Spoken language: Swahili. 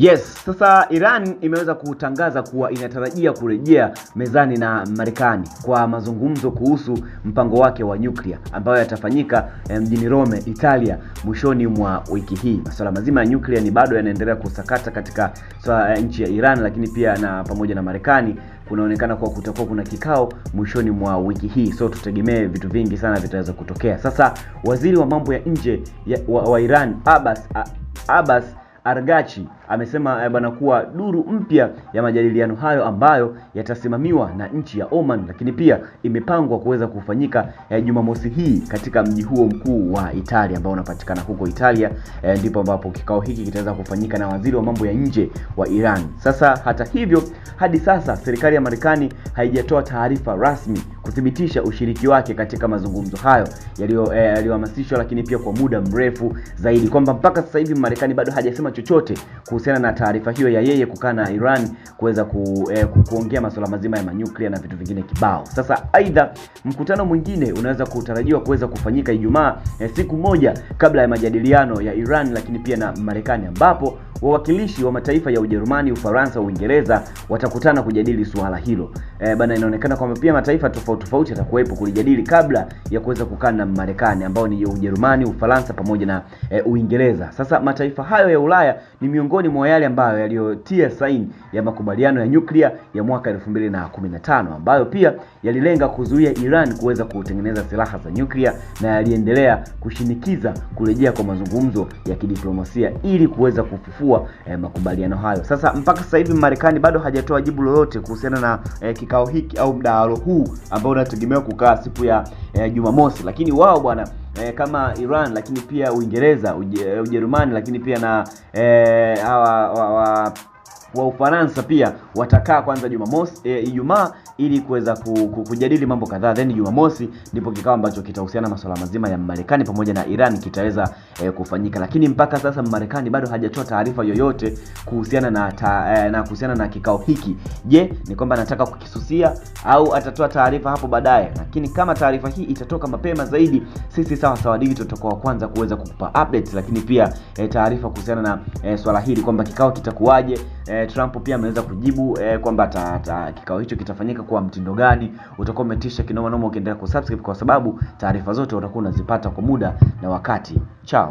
Yes, sasa Iran imeweza kutangaza kuwa inatarajia kurejea mezani na Marekani kwa mazungumzo kuhusu mpango wake wa nyuklia ambayo yatafanyika eh, mjini Rome, Italia mwishoni mwa wiki hii. Masuala mazima ya nyuklia ni bado yanaendelea kusakata katika swala eh, nchi ya Iran, lakini pia na pamoja na Marekani kunaonekana kuwa kutakuwa kuna kikao mwishoni mwa wiki hii, so tutegemee vitu vingi sana vitaweza kutokea. Sasa waziri wa mambo ya nje wa, wa Iran Abbas, Abbas Argachi amesema eh, bana kuwa duru mpya ya majadiliano hayo ambayo yatasimamiwa na nchi ya Oman, lakini pia imepangwa kuweza kufanyika eh, Jumamosi hii katika mji huo mkuu wa Italia ambao unapatikana huko Italia, eh, ndipo ambapo kikao hiki kitaweza kufanyika na waziri wa mambo ya nje wa Iran. Sasa hata hivyo, hadi sasa serikali ya Marekani haijatoa taarifa rasmi kuthibitisha ushiriki wake katika mazungumzo hayo eh, yaliyohamasishwa eh, lakini pia kwa muda mrefu zaidi, kwamba mpaka sasa hivi Marekani bado hajasema chochote kuhusiana na taarifa hiyo ya yeye kukaa na Iran kuweza ku, eh, kuongea masuala mazima ya manyuklia na vitu vingine kibao. Sasa aidha, mkutano mwingine unaweza kutarajiwa kuweza kufanyika Ijumaa, eh, siku moja kabla ya majadiliano ya Iran lakini pia na Marekani ambapo Wawakilishi wa mataifa ya Ujerumani, Ufaransa, Uingereza watakutana kujadili suala hilo. E, bana, inaonekana kwamba pia mataifa tofauti tofauti yatakuwepo kulijadili kabla ya kuweza kukaa na Marekani ambao ni Ujerumani, Ufaransa pamoja na e, Uingereza. Sasa mataifa hayo ya Ulaya ni miongoni mwa yale ambayo yaliyotia saini ya makubaliano ya nyuklia ya mwaka 2015 ambayo pia yalilenga kuzuia Iran kuweza kutengeneza silaha za nyuklia na yaliendelea kushinikiza kurejea kwa mazungumzo ya kidiplomasia ili kuweza kufufua kuchukua eh, makubaliano hayo. Sasa mpaka sasa hivi Marekani bado hajatoa jibu lolote kuhusiana na eh, kikao hiki au mdahalo huu ambao unategemewa kukaa siku ya eh, Jumamosi, lakini wao bwana E, kama Iran lakini pia Uingereza, Uje, eh, Ujerumani lakini pia na e, hawa wa wa Ufaransa pia watakaa kwanza Jumamosi e, Ijumaa ili kuweza kujadili mambo kadhaa, then Jumamosi ndipo kikao ambacho kitahusiana masuala mazima ya Marekani pamoja na Iran kitaweza e, kufanyika, lakini mpaka sasa Marekani bado hajatoa taarifa yoyote kuhusiana na ta, e, na kuhusiana na kikao hiki. Je, ni kwamba anataka kukisusia au atatoa taarifa hapo baadaye? Lakini kama taarifa hii itatoka mapema zaidi, sisi sawa sawa digital tutakuwa kwanza kuweza kukupa updates, lakini pia e, taarifa kuhusiana na e, swala hili kwamba kikao kitakuwaje. E, Trump pia ameweza kujibu e, kwamba kikao hicho kitafanyika kwa mtindo gani. Utakuwa umetisha kinoma noma ukiendelea kusubscribe, kwa sababu taarifa zote utakuwa unazipata kwa muda na wakati chao.